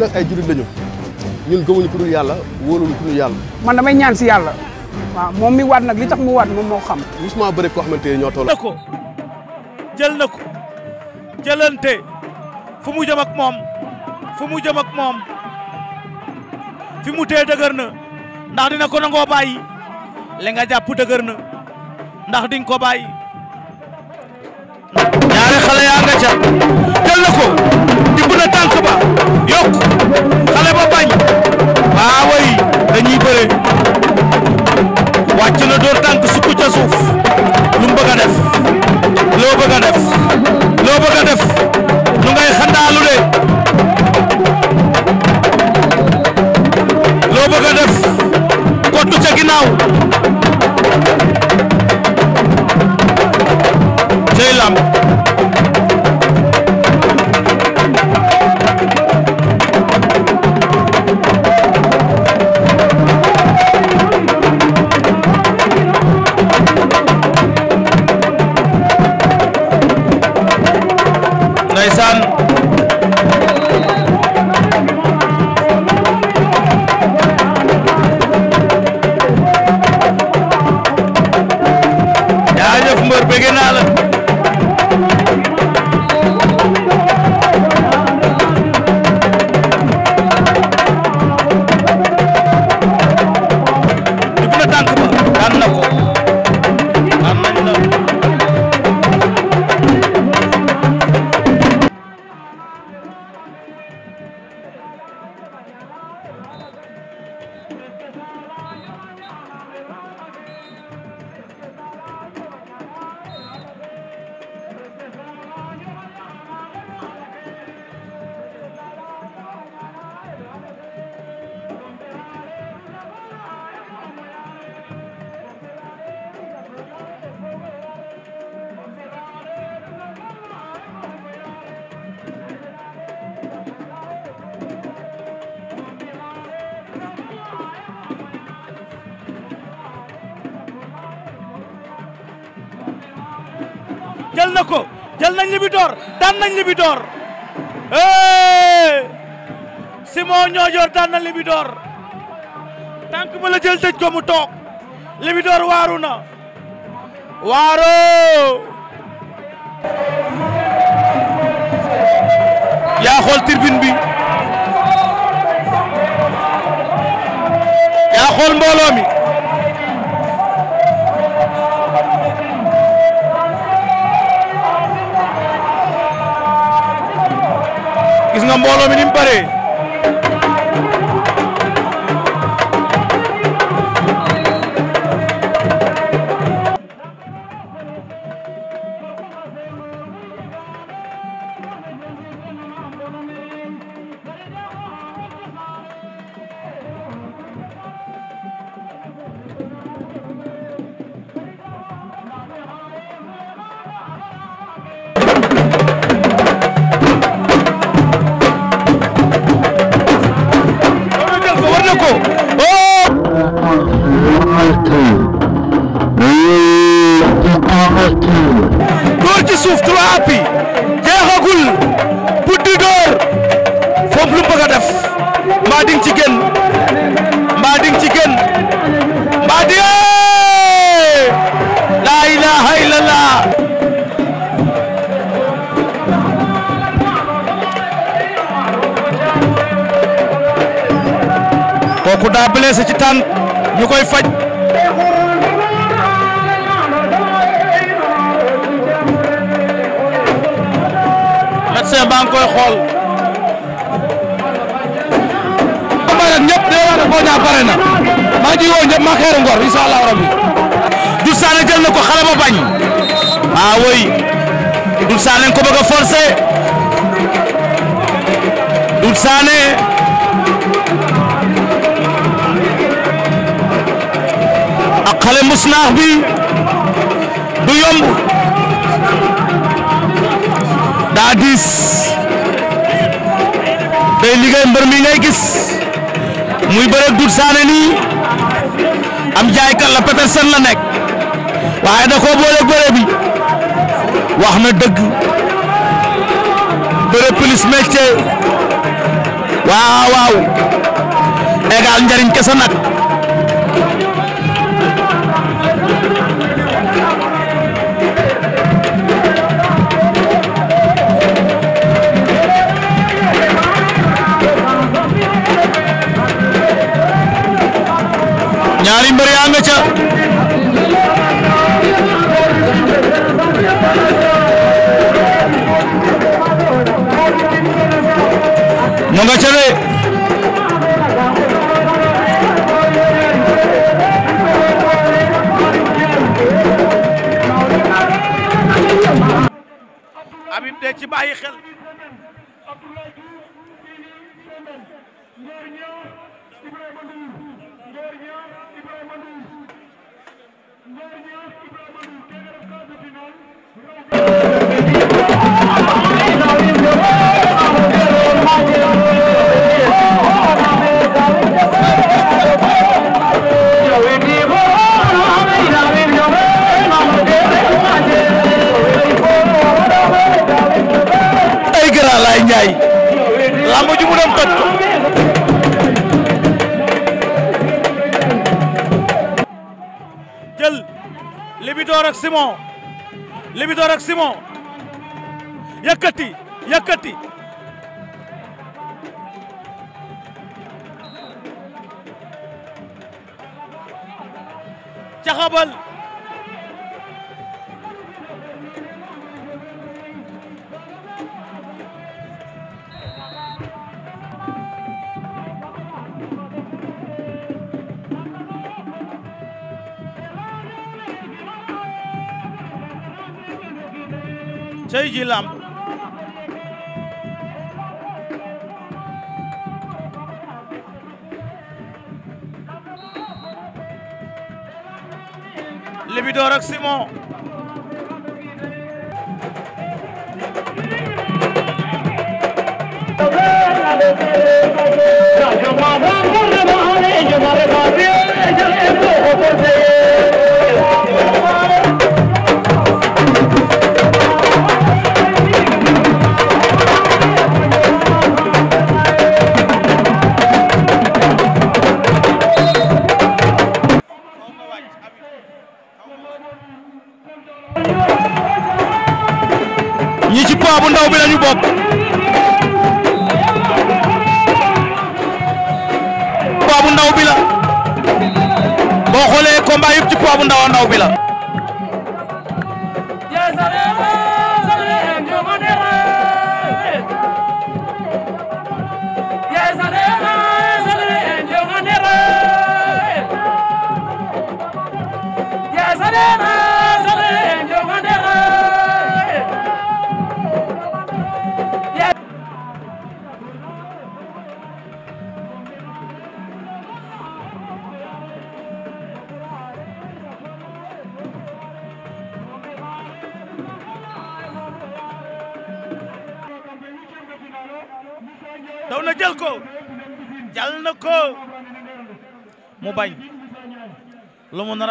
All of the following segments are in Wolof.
ñun ay jullit lañu ñun gëmuñu ku dul yàlla wóoluñu ku dul yàlla. man damay ñaan si yàlla. waaw moom mi waat nag li tax mu waat moom moo xam. musuma bëri koo xamante ne ñoo toll. ko jël na ko jëlante fu mu jëm ak moom fu mu jëm ak moom fi mu tee dëgër na ndax dina li nga jàpp dëgër di nga ko ñaari xale yaa nga ca jël na ko dibb na tànk ba yokk xale ba bañ waaw ah a dañuy bëre wàcc na door tànk sukk ca suuf lu mu bëgg a def loo bëgg a def loo bëgg a def nu ngay xandaalu de loo bëgg a def kottu ca ginnaaw cey lamb jël na ko jël nañ Libidor daan nañ Libidor Simon Ñoojoor daan na Libidor tànk ba la jël tëj ko mu toog Libidor waaru na waaro yaa xool tribune bi yaa xool mbooloo nga mbooloo mi ni mu bëree Boy Niang baa ngi koy xool ba nag ñëpp day wax ne Boy Niang pare na maa ngi woo ñëpp maa xeeru ngor insha Allah rabbi Doudou Sané jël na ko xale ba bañ ah oui Doudou Sané ko bëgg a forcer Doudou Sané ak xale musnaax bi du yomb daa day liggéey mbër mi ngay gis muy bëreeg Doudou Sané am jaaykat la Petersen la nekk waaye da koo boole bëre wax na dëgg bëre plus métier waaw waaw égal njariñ kese nag. ñaari mbër yaa ca mu Ibrahima Ndour ñaar ñi wax Ibrahima Ndour kenn def quart de finale ay gara laay njaay lamb ji mu dem toj ko Libidor ak Simon Libidor ak Simon yëkkati yëkkati caxabal tey ji làmb Libidor ak Simon bu ndaw a ndaw bi la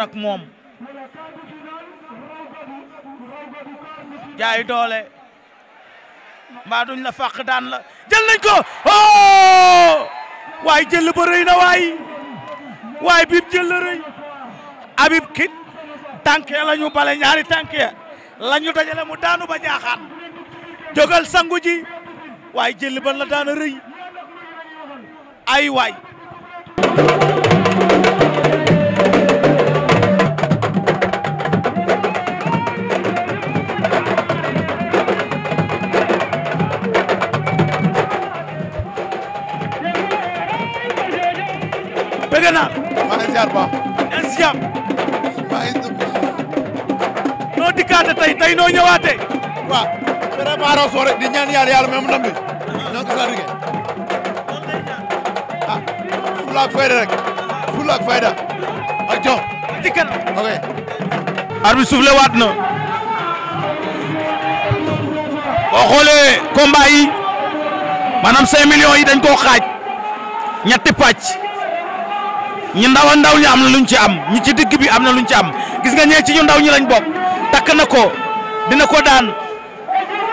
xeexoon ak moom jaay doole mbaa duñ la fàq daan la jël nañ ko oh waaye jël ba rëy na waay waaye biib jël la rëy Habib kit tànke la bale ñaari tànke la dajale mu daanu ba jaaxaan jógal sangu ji jël ban la daana rëy ay waay tey tey noo ñëwaatee. waaw préparé soo rek di ñaan yàlla yàlla même ndam bi ñoo ah, fayda rek fulla fayda ak jox ci kan ok. arbitre soufflé waat na. boo xoolee combat yi maanaam millions yi dañ koo xaaj ñetti pàcc ñu ndaw a ndaw ñi am na luñ ci am ñi ci digg bi am na luñ ci am gis nga ñee ci ñu ndaw ñi lañ bokk. takk na ko dina ko daan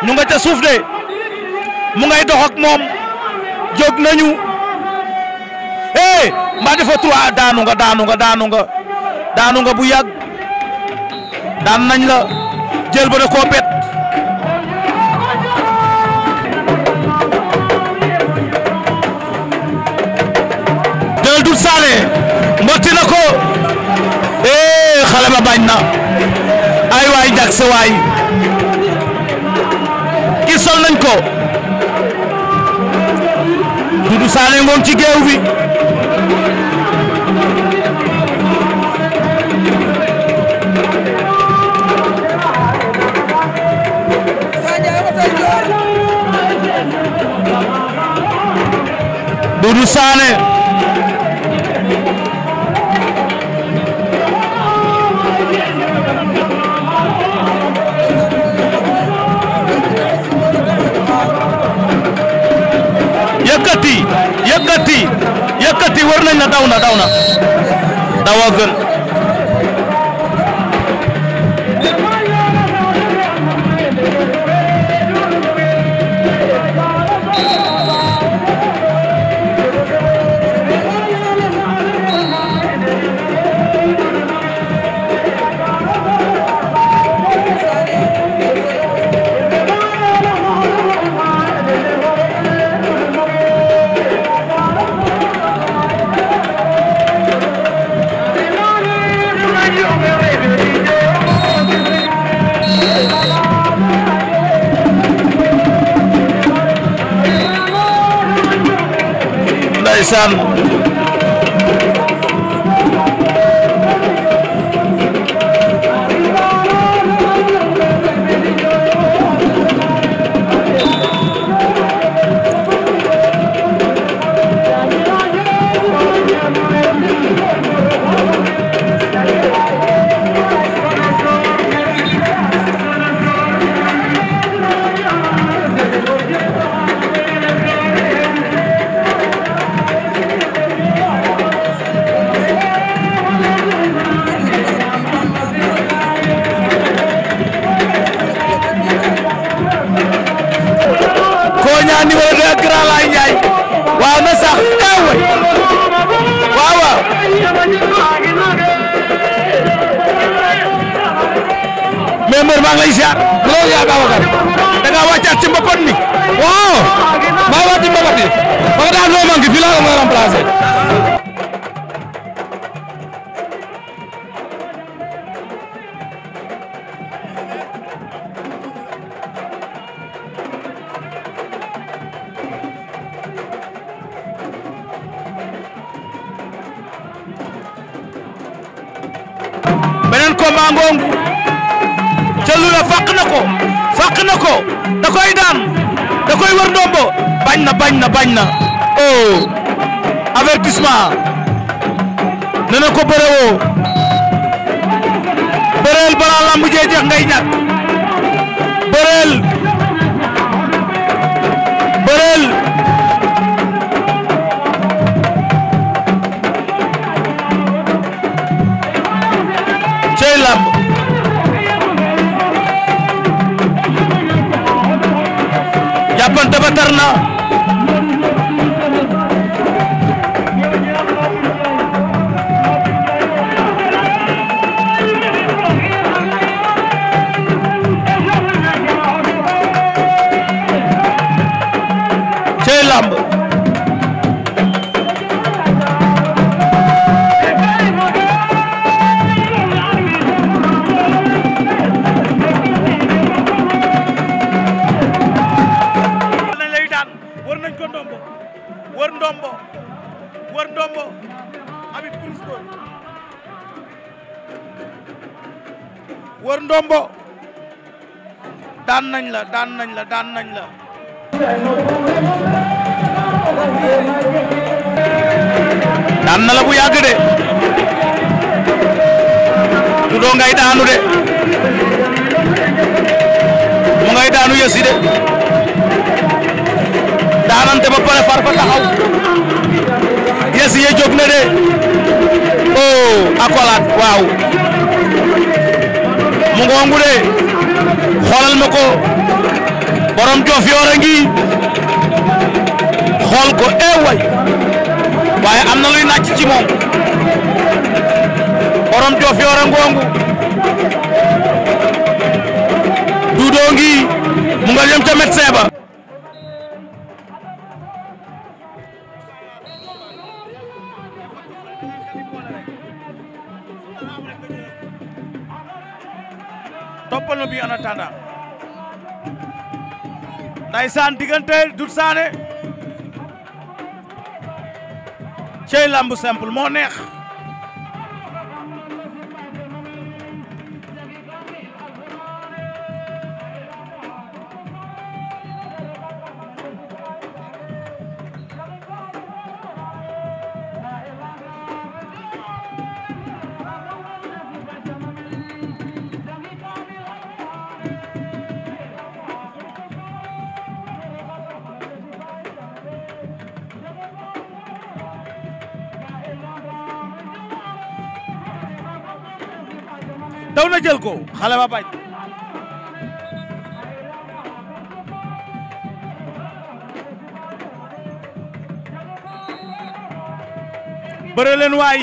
ñu nga de mu ngay dox moom jóg nañu eh mbaa dafa trois ah, daanu nga daanu nga daanu nga daanu nga bu yàgg daan nañ la jël ba da koo bet jël dut saane mbotti na ko eh xale ba bañ na waay jag sa waay ki sol nañ ko Doudou Sané ngoon ci géew bi Doudou Sané na daw na dawoo gën. ko maa ngoongu jëlu la fàq na ko fàq na daan da wër ndombo bañ na bañ na bañ na oh avertissement nee ko bëre woo bëreel balaa lamb jee jeex ngay ñàkk bëreel bëreel leetar na daan nañ la daan nañ la daan nañ la la bu yàgg de Doudou ngay daanu de mu ngay daanu yësi de daanante ba pare far fa taxaw ye jóg na de oh akolaat waaw mu ngongu de xoolal ma ko borom joof yoor a ngi xool ko ee eh way am na luy nàcc ci moom borom joof yoor a ngongu duudoo mu nga jëm ca médecin ba toppal na bi en attendant ndaysaan diggante Doudou Sané cey lamb simple moo neex nga jël ko xale ba bañ bëre leen waay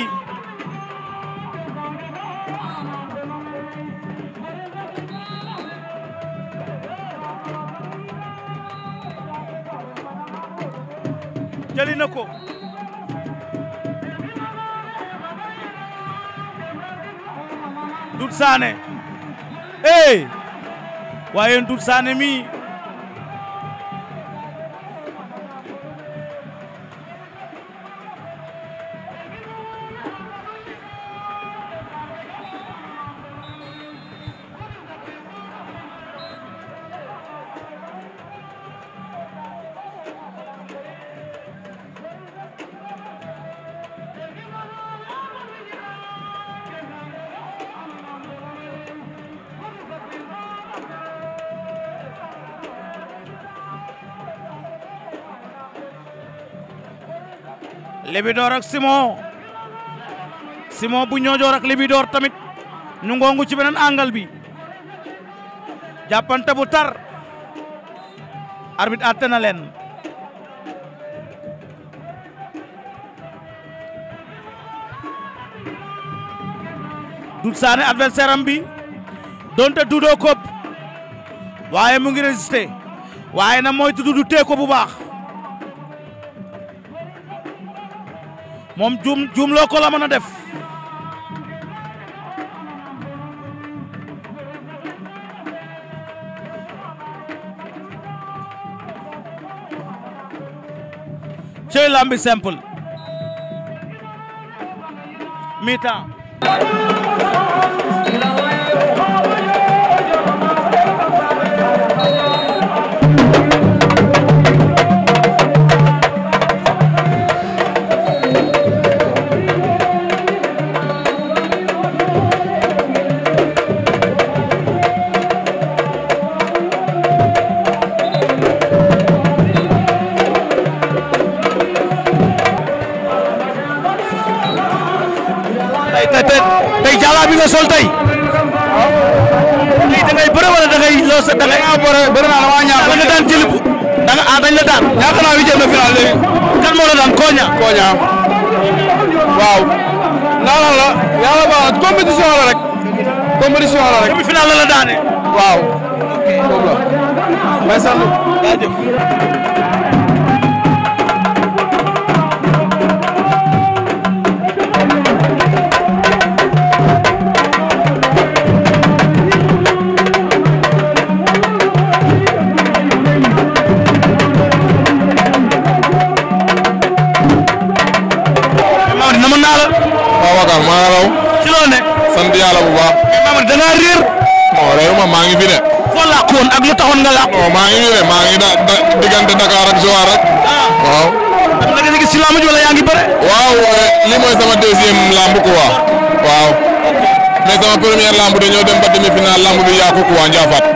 jëli na ko Doudou Sané eh waaye Doudou Sané mii Libidor ak Simon Simon bu ñoojoor ak Libidor tamit ñu ngongu ci beneen angle bi jàppante bu tar arbitre àtte na leen Doudou Sané bi donte Doudou Kopp waaye mu ngi résister waaye na moytu Doudou tee ko bu baax moom juum juumloo ko la mën a def cey lambi simple mi tey tey tey jàllaa bi nga sol tey. tey da ngay bëre wala da ngay loo da ngay. waaw bëre bëre naa la waa ñaar daan jëli bu. da ah, la daan. ñaata naa wi jël na la daan Koña. Koña waaw. naan la yàlla baax na compétition la rek. compétition la rek. demi final la la daane. waaw. ok boobu la. daal maa ngi raw. ci loo ne. sant yàlla bu baax. mais maanaam da ngaa réer. non maa ngi fi de. foo làkkoon ak lu taxoon nga làkk. non maa ngi fi de maa ngi da diggante Dakar ak Joal rek. Ah. waaw. nga a mooy sama deuxième lamb quoi. Ah. waaw. mais sama première lamb dañoo dem ba demi-finale lamb bi yàqu quoi Ndiaffate.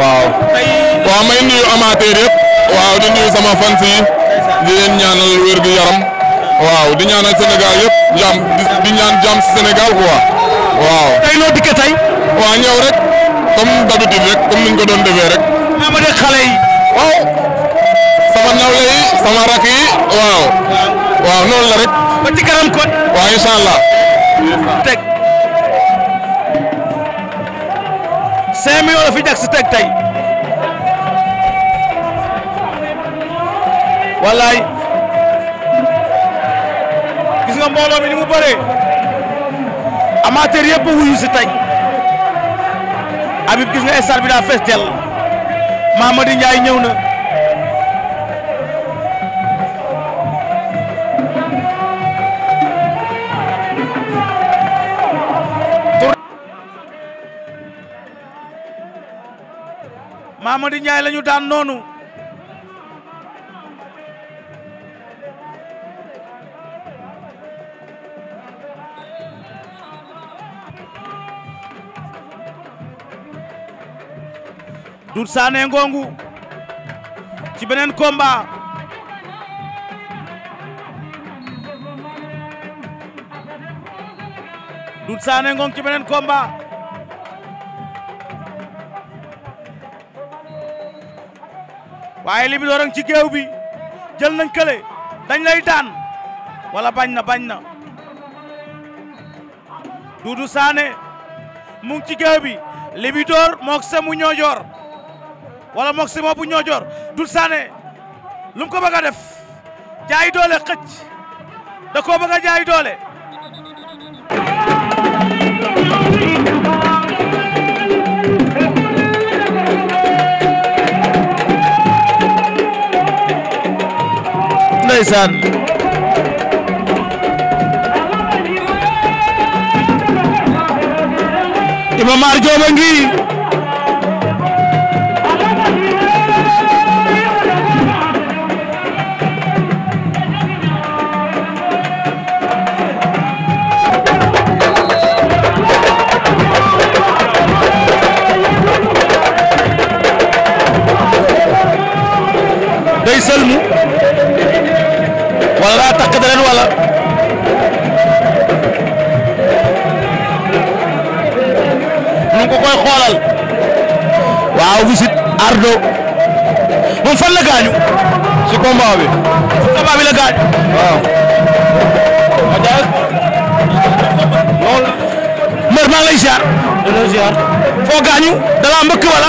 waaw. waaw may nuyu amateur yëpp. waaw di nuyu sama fans yi. ñaanal wér gu yaram. waaw di ñaanal Sénégal yëpp jàmm di ñaan jàmm si Sénégal quoi waaw. tey noo dikkee tey. waaw ñëw rek comme d'habitude rek comme niñ ko doon defee rek. ah ma dégg xale yi. waaw sama nawle yi sama yi waaw. waaw la rek. ba ci kanam kon. waaw incha allah. teg. cinq millions fi jag si teg tey. wallaay. mbooloo mi ni mu bëree amateur yëpp wuyu si tey Habib gis nga stade bi daa fees dell Mamadi Ndiaye ñëw na Mamadi Ndiaye la ñu daan noonu Doudou saane ngongu ci beneen komba Doudou Sané ngongu ci beneen komba waaye li ci géew bi jël nañ kële dañ lay daan wala bañ na bañ na Doudou saane mu ci géew bi Libidor mook Sémou Niodior wala Maximo bu ñoo joor dul saane lu ko bëgg a def jaay doole xëcc da koo bëgg a jaay doole ndeysaan Iba Mar Joob a ngi sëlmu wala daa takk da leen wala nu ko koy ardo moom fan gaañu si combat bi si combat bi la gaañ waaw ajaay lool mbër maa gaañu da la wala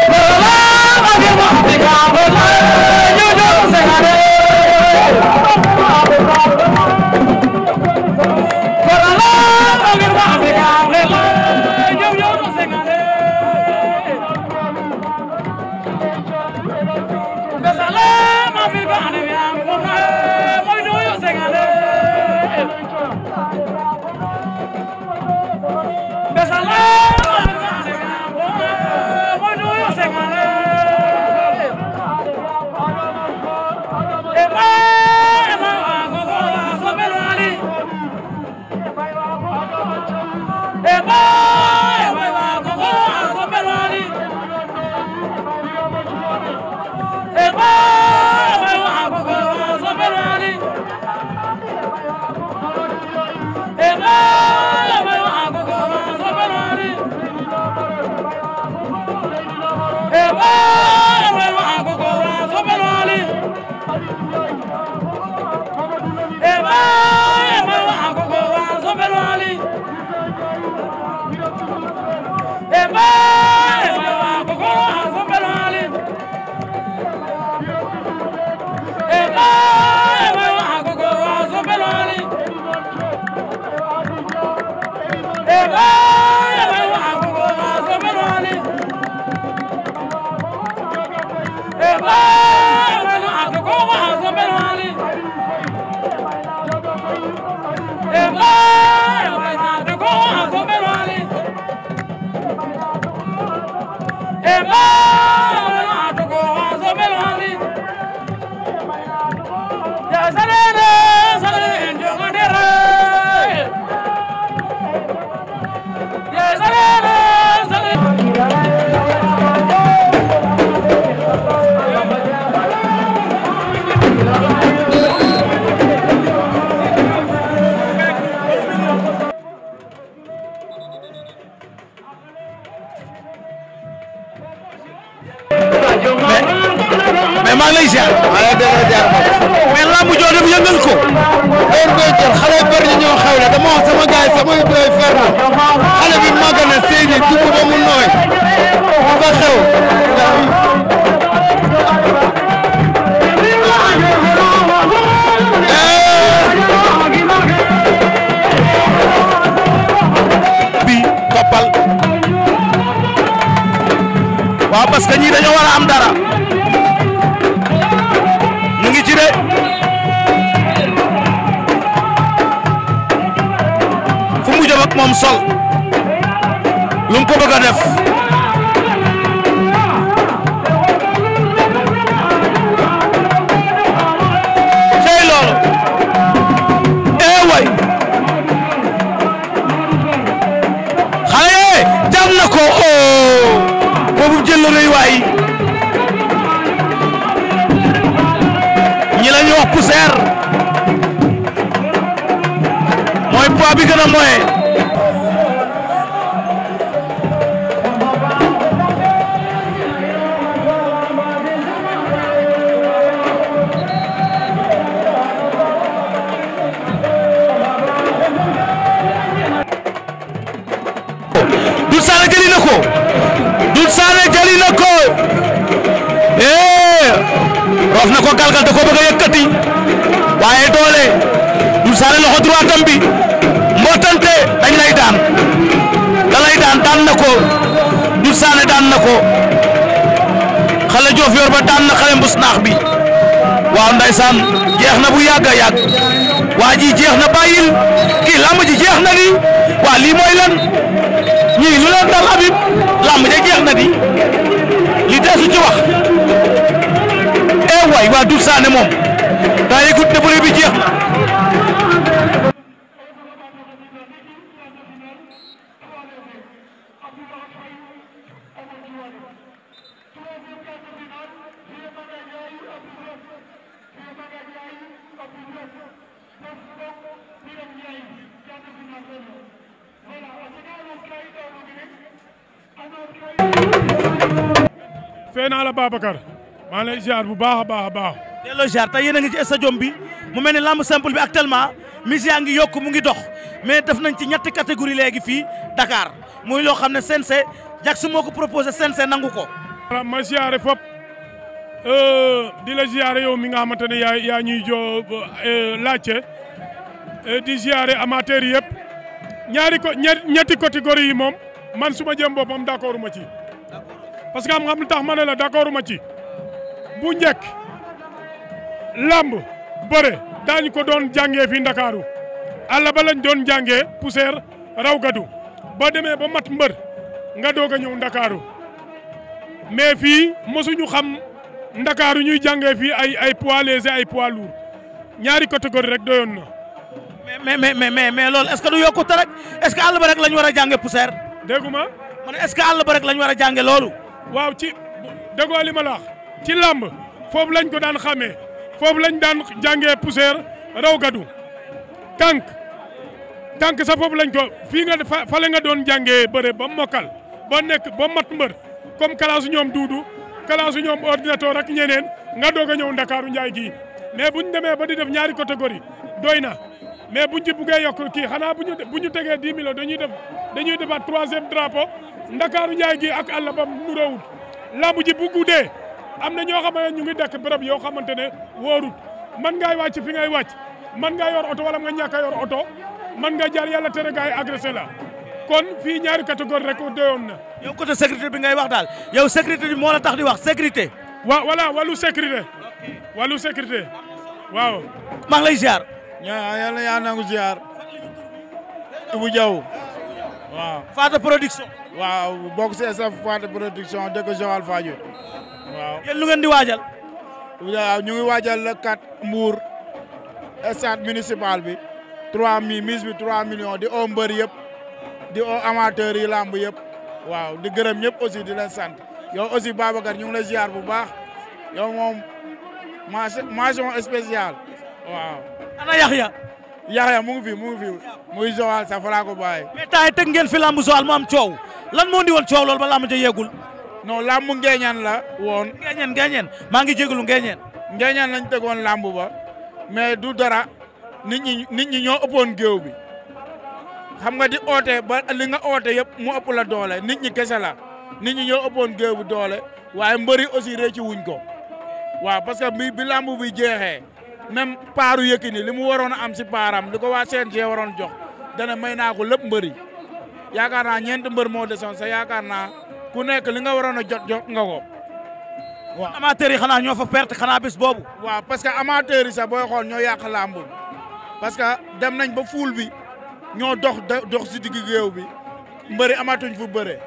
maa ngi lay ziar. maa ngi lay ziar mais lamb joo dem yëngal ko. heure booy jël xale yu bëri ñoo xew la dama wax sama gars yi sama booy ferna xale bi màgg na sëy ni dugg ba mu nooy ba xew. waaw parce que ñii dañoo war a am dara. ak moom sol lu mu ko bëgg a def cey eh, na ko oo oh. boobu jël rëy waay ñi la ñu wax mooy poids bi gën rof eh! na ko galgal da ko bëgg a yëkkati waaye doole du saare loxo droitam bi bëtante dañ lay daan da lay daan na ko Doudou daan na ko xale joof yor ba daan na xale mbus naax bi waaw ndaysaan jeex na bu yàgg a yàgg waa ji jeex na bàyyil kii làmb ji jeex na ni waa lii mooy lan ñii lu leen da Habib làmb ja jeex na ni li deesu ci wax eh waay waa Doudou Sané moom daa yëgut ne bëre bi jeex na fee naa la Babacar maa lay ziar bu baax a baax a baax. delloo ziar tey yéen a ngi ci stadium bi mu mel ni lamb simple bi actuellement mise yaa ngi yokk mu ngi dox mais def nañ ci ñetti catégorie léegi fii Dakar muy loo xam ne CNG Jackson moo ko proposé CNG nangu ko. ma ziare fop euh, di la ziare yow mi nga xamante ne yaa yaa ñuy joo euh, laajte euh, di ziare amateur yëpp ñaari ko ñetti catégorie yi moom man su ma jëm boppam d'accord ma ci. parce que am xam lu tax ma ne la d'accord ma ci bu njëkk lamb bëre daañu ko doon jàngee fii ndakaaru àll ba lañ doon jàngee poussière rawgadu ba demee ba mat mbër nga doog a ñëw ndakaaru mais fii mosuñu xam ndakaaru ñuy jàngee fii ay ay poids léger ay poids lourd ñaari catégorie rek doyoon na. mais mais mais mais loolu est-ce que du yokkute rek est-ce que àll ba rek lañ war a jàngee poussière. déggu ma ma que àll ba rek lañ war a jàngee loolu. waaw ci déggoo li ma ci làmb foofu lañ ko daan xamee foofu lañ daan jàngee poussière raw gadu tànk tànk sa foofu lañ ko fii nga fale nga doon jàngee bëre ba mokkal ba nekk ba mat mbër comme kalaasu ñoom duudu kalaasu ñoom ordinateur ak ñeneen nga doo a ñëw ndakaaru njaay gii bu ñu demee ba di def ñaari catégorie doy na mais buñ ci buggee yokk kii xanaa bu ñu bu ñu tegee 10 millions dañuy def dañuy defaat troisième drapeau ndakaaru njaay gi ak àll ba mu roowut lamb ji bu guddee am na ñoo xam ne ñu ngi dëkk béréb yoo xamante ne wóorut man ngay wàcc fi ngay wàcc man nga yor oto wala nga ñàkk a yor oto man nga jaar yàlla tere gaay agressé la kon fii ñaari catégorie rek doyoon na. yow côté sécurité bi ngay wax daal yow sécurité bi moo la tax di wax sécurité. wa voilà wàllu sécurité wàllu sécurité waaw. maa ngi lay ziar. yàlla yaa nangu ziar. Ibou Diaw. waaw Faata production. waaw bokk ci SF Faata production dëkk Joal Fadiouth waaw. yéen di waajal. waaw ñu ngi waajal le 4 Mbour. stade municipal bi. 3 mi mise bi 3 millions di oo mbër yëpp. di oo amateurs yi làmb yëpp. waaw di gërëm ñëpp aussi di leen sant. yow aussi Babacar ñu ngi lay ziar bu baax. yow moom mention spéciale waaw. ana Yaxya Yaxya mu ngi fi mu ngi fi muy Joal sax fa laa ko bàyyi. mais temps teg ngeen fi làmb Joal mu am coow lan moo indi woon coow loolu ba làmb ja yeegul. non làmb ngeeñan la woon. ngeeñan ngeeñan maa ngi jégalu ngeeñan. ngeeñan lañ teg woon làmb ba mais du dara ni ñi nit ñi ñoo ëppoon géew bi xam nga di oote ba li nga oote yëpp mu ëpp la doole nit ñi kese la nit ñi ñoo ëppoon géew bi doole waaye mbëri aussi réccu wuñ ko waaw parce bi bi làmb bi jeexee. même paaru Yékini li mu waroon a am si paaram li ko waa CNG waroon jox dana may naa ko lépp mbëri yaakaar naa ñeent mbër moo desoon sa yaakaar naa ku nekk li nga waroon a jot jot nga ko. waaw amateurs yi xanaa ñoo fa perte xanaa bis boobu. waaw parce que amateurs yi sax booy xool ñoo yàq làmb parce que dem nañ ba fuul bi ñoo dox dox si digg géew bi mbëri amatuñ fu bëre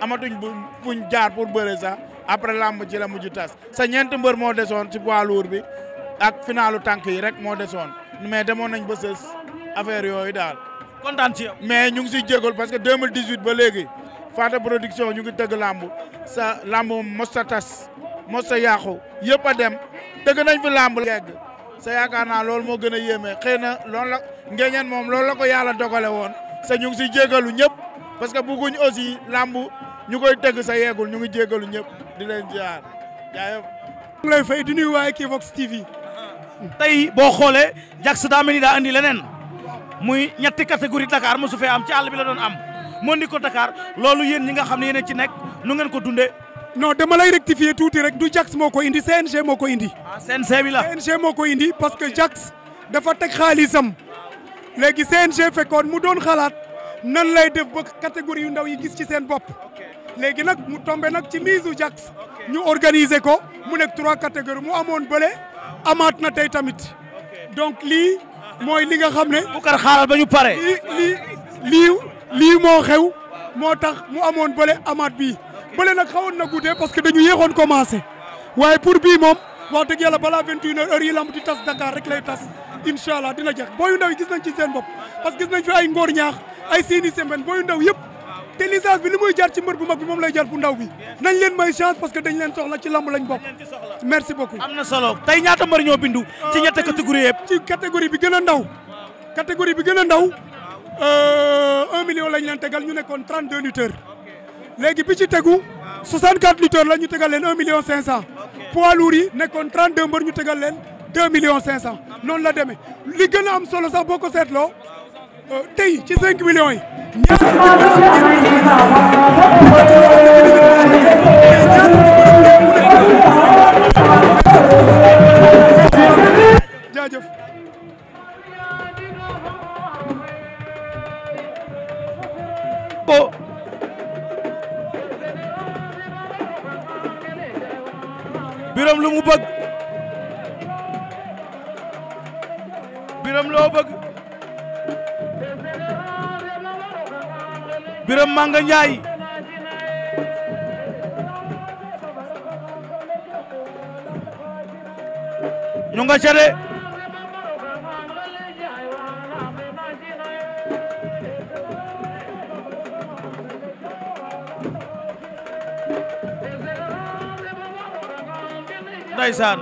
amatuñ bu fuñ jaar pour bëre sax après làmb ci la mujj tas sa ñeent mbër moo desoon si poids lourd bi ak finalu tànk yi rek moo desoon mais demoon nañ ba sës affaire yooyu daal. kontaan ci yow. mais ñu ngi siy jégalu parce que 2018 ba léegi Fata production ñu ngi tëgg làmb sa làmb mos sa tas mos sa yàqu yëpp dem tëgg nañ fi làmb yegg sa yaakaar naa loolu moo gën a yéeme xëy na loolu la ngeeñeen moom loolu la ko yàlla dogale woon sa ñu ngi siy jégalu ñëpp parce que bëgguñ aussi làmb ñu koy tëgg sa yeegul ñu ngi jégalu ñëpp di leen jaar jaayëf. lay fay di nuyu waa Equivox tey boo xoolee Jax daa mel ni daa andi leneen muy ñetti catégorie Dakar mosu fee am ci àll bi la doon am moo ndi ko dakaar loolu yéen ñi nga xam ne yéen ci nekk nu ko dundee. non dama lay rectifier tuuti rek du Jax moo ko indi CNG moo ko indi. ah CNG bi la moo ko indi parce que Jax dafa teg xaalisam léegi CNG fekkoon mu doon xalaat nan lay def ba catégorie yu ndaw yi gis ci seen bopp. léegi nag mu tombe nag ci mise u Jax ñu organiser ko mu nekk trois catégories mu amoon bële. amaat na tey tamit donc lii mooy li nga xam ne. Boucar xaaral ba ñu pare. lii lii moo xew moo tax mu amoon bële amaat bi bële nag xawoon na guddee parce que dañu yéexoon commencé waaye pour bii moom wax dëgg yàlla balaa 21 heures yi lamb di tas Dakar rek lay tas incha dina jeex booyu ndaw yi gis nañ ci seen bopp parce que gis nañ fi ay ngóor ñaax ay seeni semaine booyu ndaw yëpp. te licence bi li muy jar ci mbër bu mag bi moom lay jar bu ndaw bi nañ leen may chance parce que dañ leen soxla ci lamb lañ bokk merci beaucoup am na solo tey ñaata mbër ñoo bindu ci ñetti catégorie yëpp ci catégorie bi gën a ndaw catégorie bi gën a ndaw euh, un million lañ leen tegal ñu nekkoon 32 lutteurs léegi bi ci tegu 64 lutteurs la ñu tegal leen un million cinq cent poids lourds yi nekkoon 32 mbër ñu tegal leen deux millions cinq cent noonu la demee li gën a am solo sax boo ko seetloo tey ci 5 millions yi. ñaata Ndiaga ñu nga ca de ndeysaan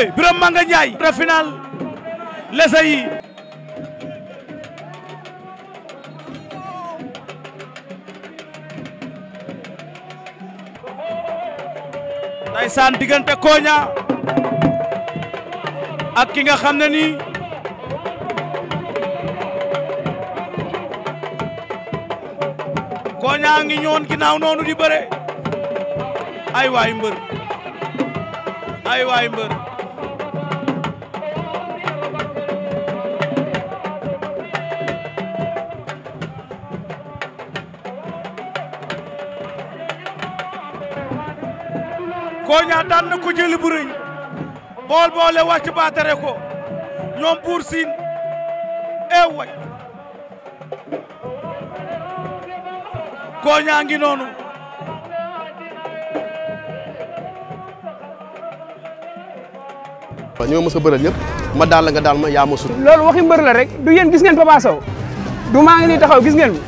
Gueye Birame Manga Ndiaye de final lesa yi ndeysaan diggante Koña ak ki nga xam ne nii Koña ngi ñoon ginnaaw noonu di bëre ay waay mbër ay waay mbër ñaa daan ko jëli ko ñoom buur siin ee eh way ngi noonu ñi ma mës a ma daal la nga daal ma yaa ma loolu waxi mbër rek du yéen gis ngeen Papa du maa taxaw gis ngeen mi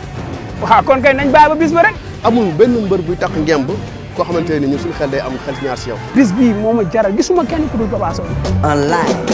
waaw kon kay nañ bàyyi ba bis ba rek amul benn mbër buy tax ngemb koo xamante ni ñun suñu xel day am xel ñaar si yow. bis bii moo ma jaral gisuma kenn ku dul Papa Sow. en live